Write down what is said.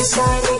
decided